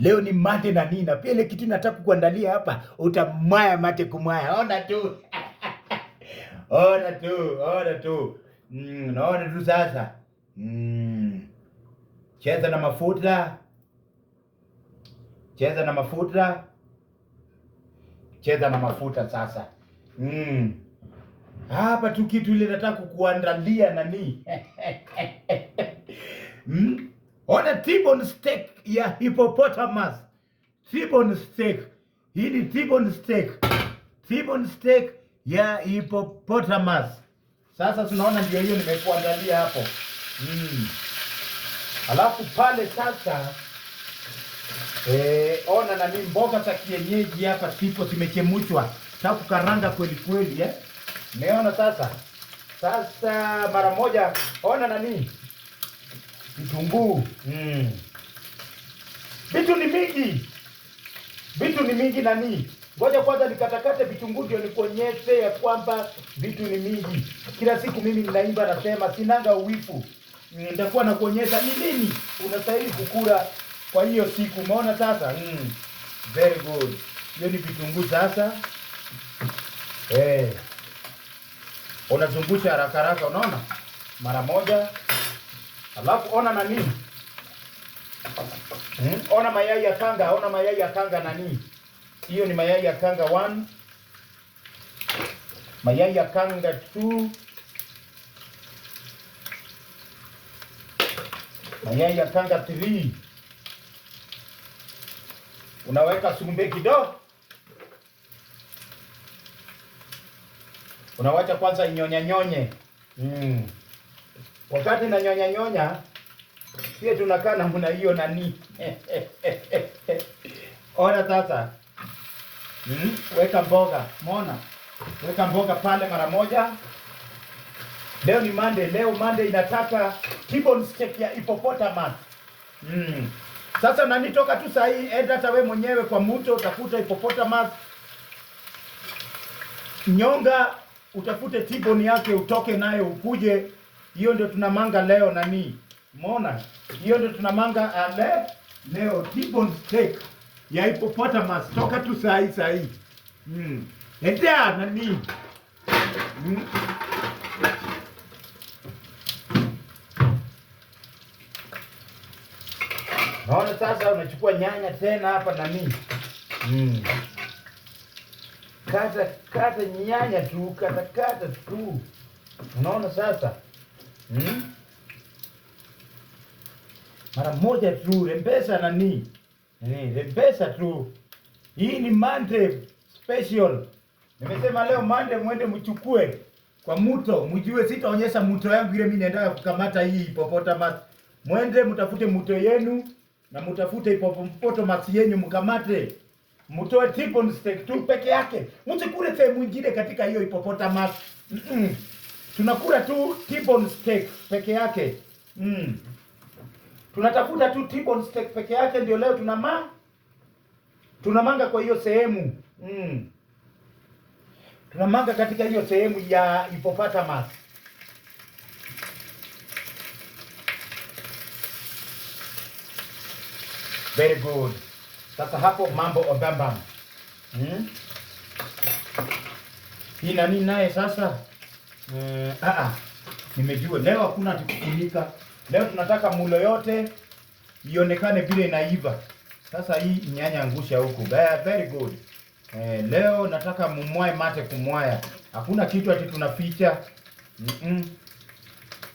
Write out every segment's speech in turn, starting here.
Leo ni mate na nina pia ile kitu nataka kukuandalia hapa, utamwaya mate kumwaya. Ona tu ona tu ona tu mm, naona tu sasa mm. Cheza na mafuta, cheza na mafuta, cheza na mafuta sasa mm. Hapa tu kitu ile nataka kukuandalia nani mm? on a T-bone steak ya hippopotamus. T-bone steak. Hii ni T-bone steak. T-bone steak ya hippopotamus. Sasa tunaona ndio hiyo nimekuandalia hapo. Mm. Alafu pale sasa eh, ona nani mboga za kienyeji hapa tipo zimechemshwa. Sasa kukaranga kweli kweli eh. Meona sasa. Sasa mara moja ona nani vitunguu mm. Vitu ni mingi, vitu ni mingi nani. Ngoja kwanza nikatakate vitunguu ndio nikuonyeshe ya kwamba vitu ni mingi. Kila siku mimi ninaimba nasema sinanga uwifu, mm, nitakuwa nakuonyesha ni nini unastahili kukula kwa hiyo siku. Umeona sasa? Mm. Very good. Hiyo ni vitunguu sasa. Eh. Hey. Unazungusha haraka haraka, unaona? Mara moja Alafu ona na nini? Hmm? Ona mayai ya kanga, ona mayai ya kanga nani? Hiyo ni mayai ya kanga 1. Mayai ya kanga 2. Mayai ya kanga 3. Unaweka sumbe kidogo. Unawacha kwanza inyonyanyonye. Mm. Wakati na nyonya nyonya pia tunakaa namna hiyo nani. Ora sasa. Hmm? Weka mboga, mona. Weka mboga pale mara moja. Leo ni Monday, leo Monday inataka T-bone steak ya hipopotamus. Hmm. Sasa nani toka tu saa hii, enda hata wewe mwenyewe kwa mto utakuta hipopotamus. Nyonga utafute T-bone yake utoke nayo ukuje hiyo ndio tunamanga leo nani? Umeona? Hiyo ndio tunamanga ale ah, leo T-bone steak ya hippopotamus toka tu saa hii saa hii. Mm. Etea nani? Mm. Naona sasa unachukua nyanya tena hapa mimi. Mm. Kata kata nyanya tu, kata kata tu. Unaona sasa? hmm? Mara moja tu rembesa nani nini, rembesa tu. Hii ni mande special. Nimesema leo Monday mwende mchukue kwa muto, mjue sitaonyesha muto yangu ile mimi naenda kukamata hii hippopotamus. Mwende mtafute muto yenu na mtafute hippopotamus yenu mkamate. Mtoe tip steak tu peke yake. Msikule sehemu nyingine katika hiyo hippopotamus. Mm -mm tunakula tu T-bone steak peke yake mm. tunatafuta tu T-bone steak peke yake ndio leo tunama tunamanga kwa hiyo sehemu mm. tunamanga katika hiyo sehemu ya hippopotamus Very good. Sasa hapo mambo obambam mm. Hii nani naye sasa Mm, nimejua leo hakuna tukufunika. Leo tunataka mulo yote ionekane vile inaiva. Sasa hii nyanya angusha huko. Very good. Eh, leo nataka mumwae mate kumwaya. Hakuna kitu ati tunaficha. Mm -mm.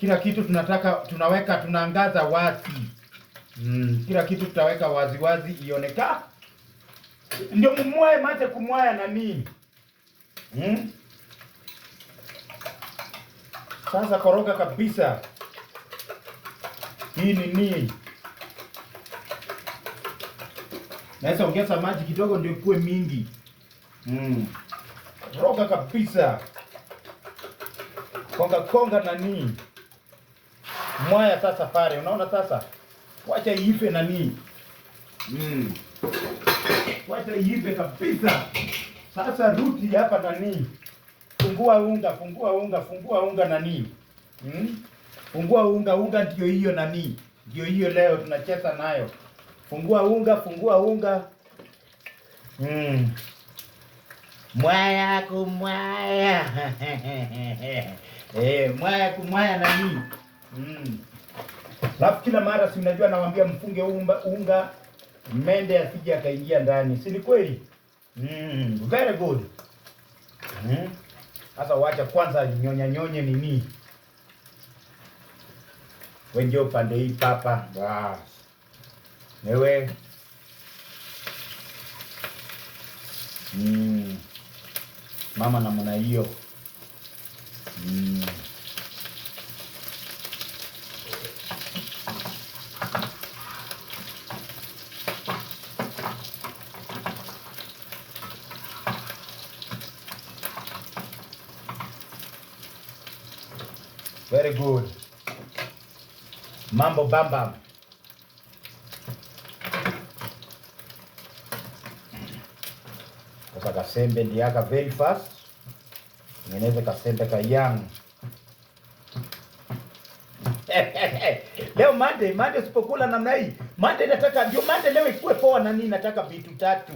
Kila kitu tunataka tunaweka tunaangaza wazi. Mm, kila kitu tutaweka wazi wazi ionekane. Ndio mumwae mate kumwaya na nini? Mm? Sasa koroga kabisa hii nini, naweza ongeza maji kidogo ndio ikue mingi. Mm. Roga kabisa, konga konga nani, mwaya sasa pale, unaona sasa, wacha iive nini? Mm. Wacha iive kabisa. Sasa ruti hapa nini? fungua unga, fungua unga, fungua unga nani? Hmm? Fungua unga, unga ndio hiyo nani? Ndio hiyo leo tunacheza nayo. Fungua unga, fungua unga. Hmm. Mwaya kumwaya. eh, mwaya kumwaya nani? Hmm. Lafu kila mara si unajua nawaambia mfunge unga, unga mende asije akaingia ndani. Si ni kweli? Mm, very good. Mm. Sasa wacha kwanza nyonya nyonye nini, wengie upande hii papa. Bas wewe mm. mama namna hiyo mm. Very good. Mambo bam. Sasa kasembe ndiaka very fast. Tengeneze kasembe ka young. Leo mande mande, usipokula namna hii mande inataka ndio mande leo ikuwe poa. Nani inataka vitu tatu,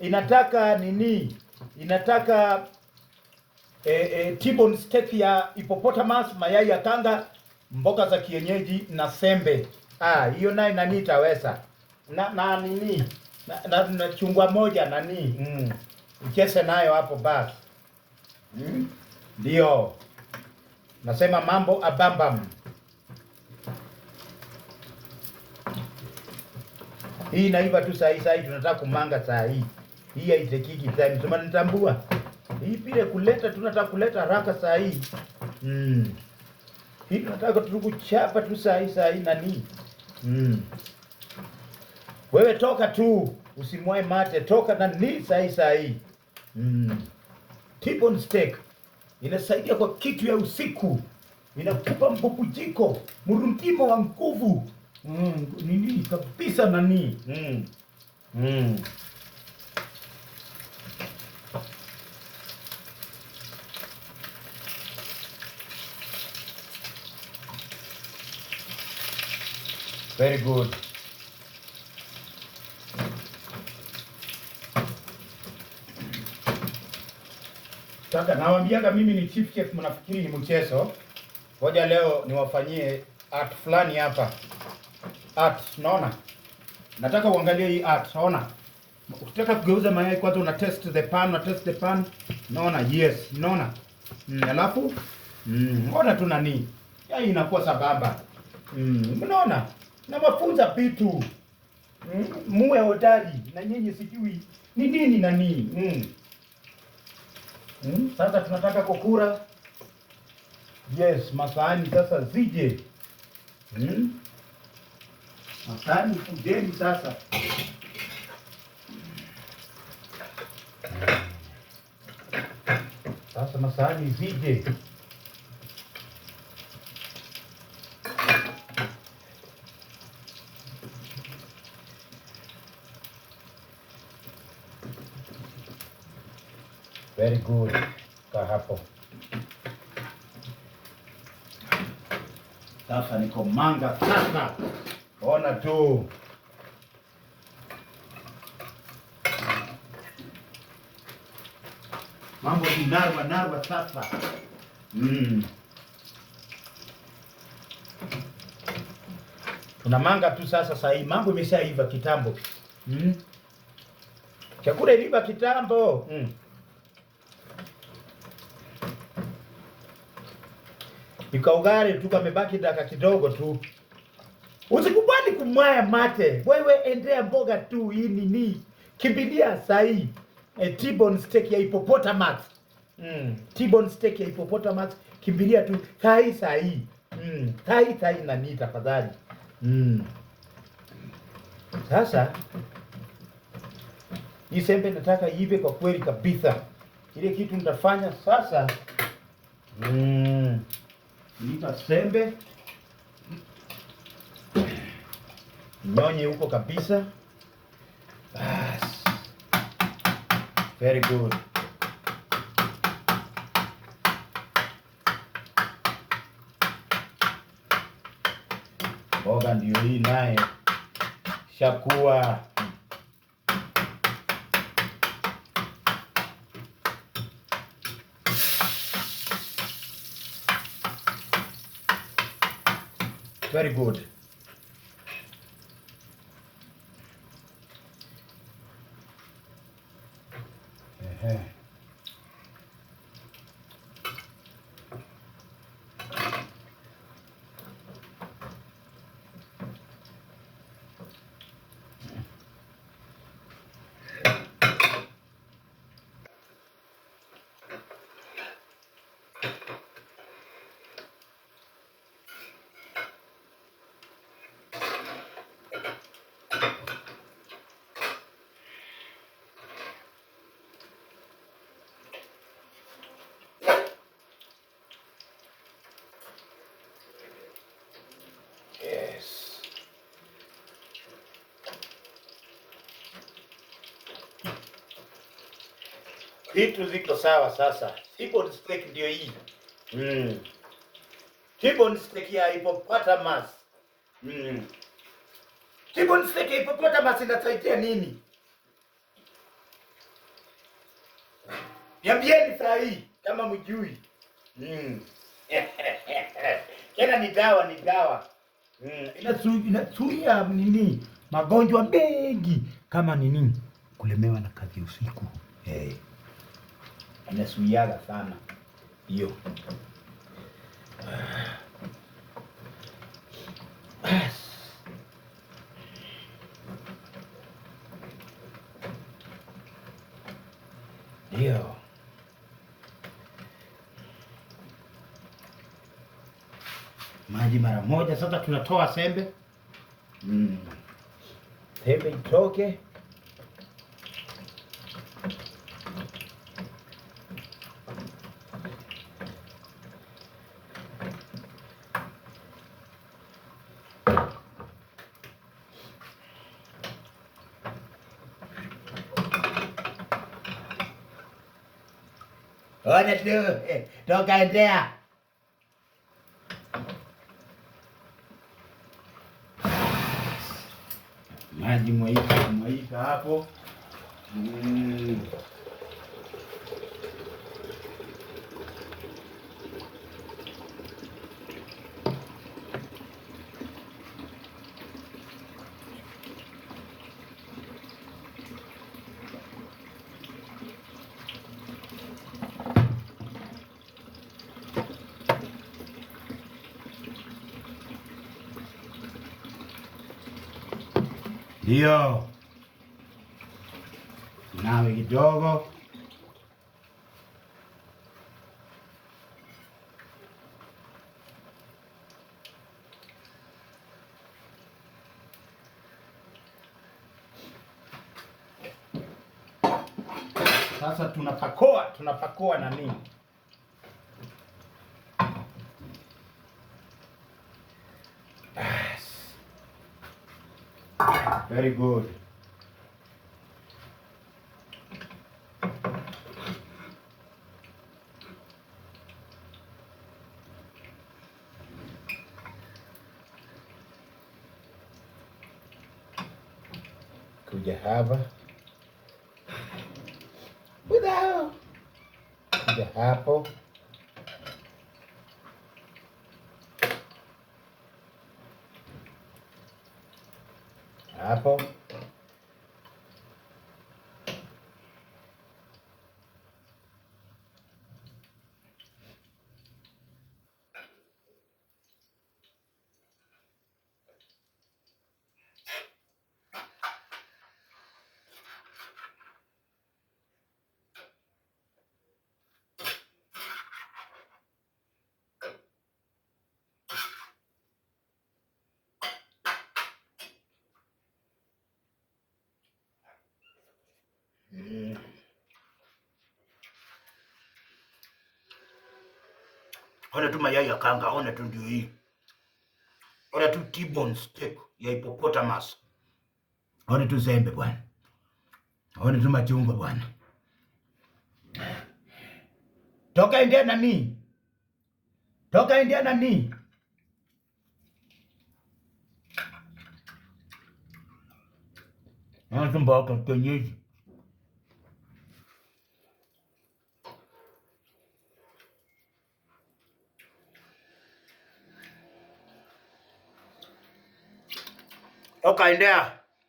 inataka nini, inataka e, eh, e, eh, tibon steak ya hippopotamus, mayai ya kanga, mboga za kienyeji na sembe. Ah, hiyo naye nani itaweza na na nini na, na, na chungwa moja nani mm. Ucheze nayo hapo basi mm? ndio mm. Nasema mambo abambam. Hii naiva tu saa hii, saa hii tunataka kumanga saa hii hii haitekiki time, sema nitambua hii pile kuleta tunataka kuleta haraka saa hii mm. Hii tunataka tukuchapa tu saa hii saa hii nani mm. Wewe toka tu usimwae mate, toka nani saa hii saa hii mm. T-bone steak inasaidia kwa kitu ya usiku, inakupa mpupujiko mrundimo wa nguvu mm. Nini kabisa nani mm. Mm. very good. Sasa nawaambiaga mimi ni chief chef, mnafikiri ni mchezo. Ngoja leo niwafanyie art fulani hapa. Art, naona. Nataka uangalie hii art, naona. Ukitaka kugeuza mayai kwanza una test the pan, una test the pan. Naona, Yes, naona. Mm, alafu mm, ona tu nani. Yai inakuwa sababa. Mm, unaona? nawafunza vitu mm, muwe hodari na nyinyi, sijui ni nini na nini mm. Mm, sasa tunataka kukura yes, masahani sasa zije mm. Masahani kujeni sasa sasa masahani zije very good hapo Sasa niko manga sana, ona tu mambo ni narwa narwa sasa. Mm. manga tu sasa, saa hii mambo imeshaiva kitambo. Mm. Chakula iliva kitambo. Mm. Nikaugare tu kamebaki dakika kidogo tu. Usikubali kumwaya mate. Wewe endea mboga tu hii nini? Kimbilia sahi. E, eh, T-bone steak ya hippopotamus. Mm. T-bone steak ya hippopotamus. Kimbilia tu sahi sahi. Mm. Sahi na tafadhali. Mm. Sasa hii sembe nataka ive kwa kweli kabisa. Ile kitu nitafanya sasa. Mm niita sembe nyonye huko kabisa. Bas, very good. Mboga ndio hii naye shakuwa Very good. Uh -huh. Vitu ziko sawa sasa. T-bone steak ndio hii. Mm. T-bone steak ya hippopotamus. Mm. T-bone steak ya hippopotamus inasaidia nini? Niambieni saa hii kama mjui. Mm. ni dawa, ni dawa. Mm. Inazuia nini? Magonjwa mengi kama nini? Kulemewa na kazi usiku. Hey. Eh. Anasuiaga sana hiyo. Ndio. Maji mara moja sasa tunatoa sembe. Mm. Sembe itoke. ಅನ್ನಿಸ್ತು ಟೋಕ ಇದ್ರೆ maji mwaipo mwaipo hapo mm. Ndio nawe kidogo sasa, tunapakoa tunapakoa na nini Very good. Could you have a with apple? Could you apple? Apple ona tu mayai ya kanga, ona tu ndio hii, ona tu T-bone steak ya hippopotamus, ona tu zembe bwana, ona tu machungwa bwana, toka India nani, toka India nani anasumba kienyeji Toca, India.